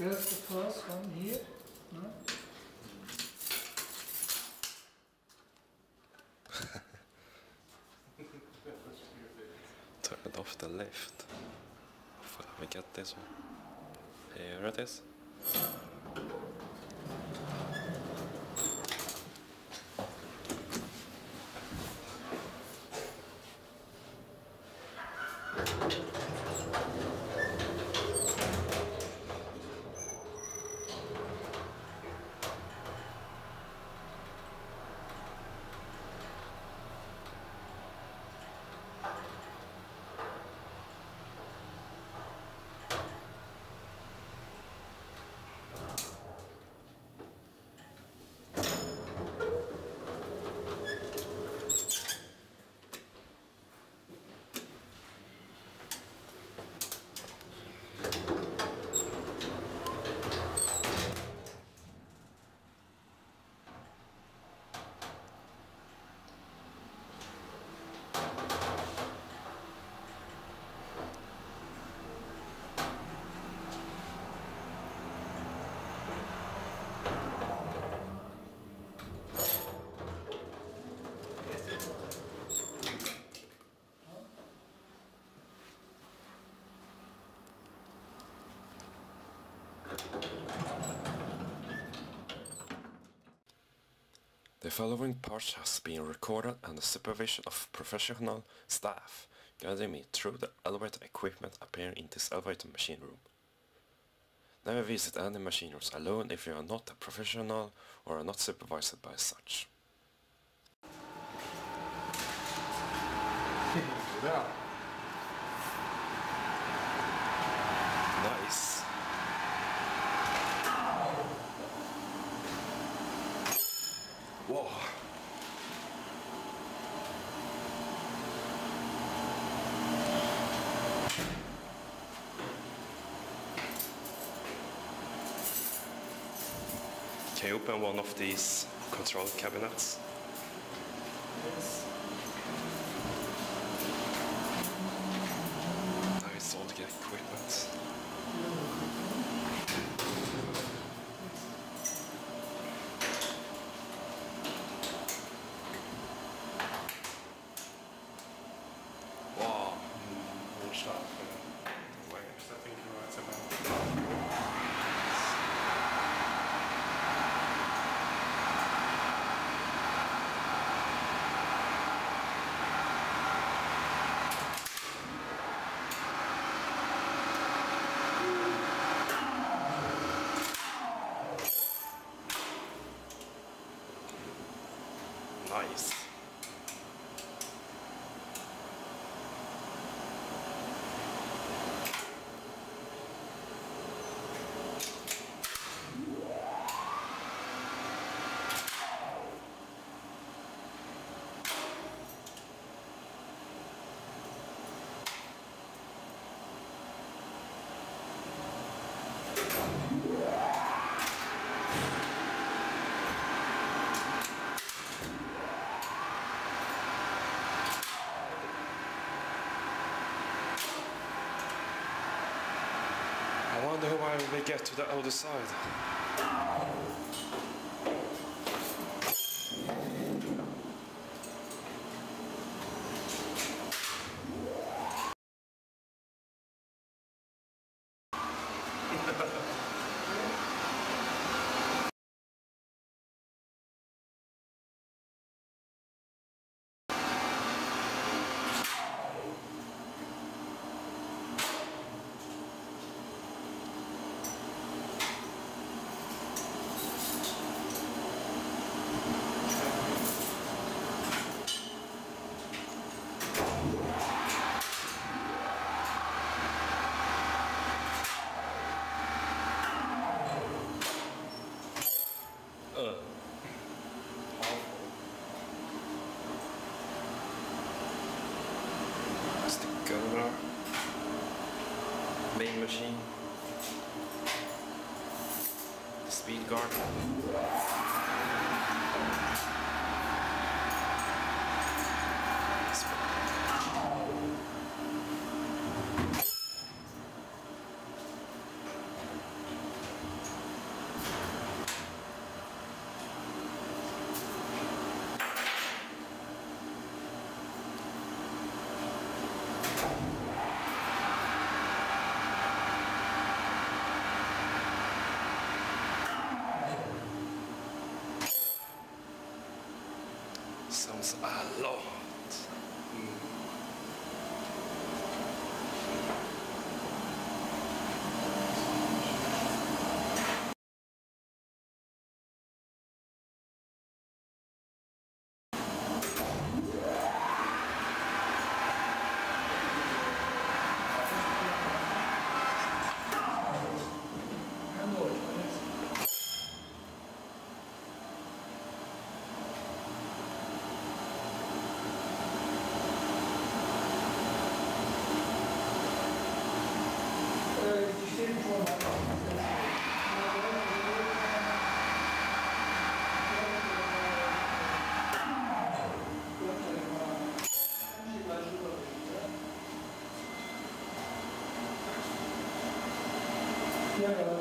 There's the first one here. No? Turn it off the left. Hopefully we get this one. Here it is. The following part has been recorded under supervision of professional staff guiding me through the elevator equipment appearing in this elevator machine room. Never visit any machine rooms alone if you are not a professional or are not supervised by such. can open one of these control cabinets. I wonder why they get to the other side. speed guard. ransoms our Lord. Gracias.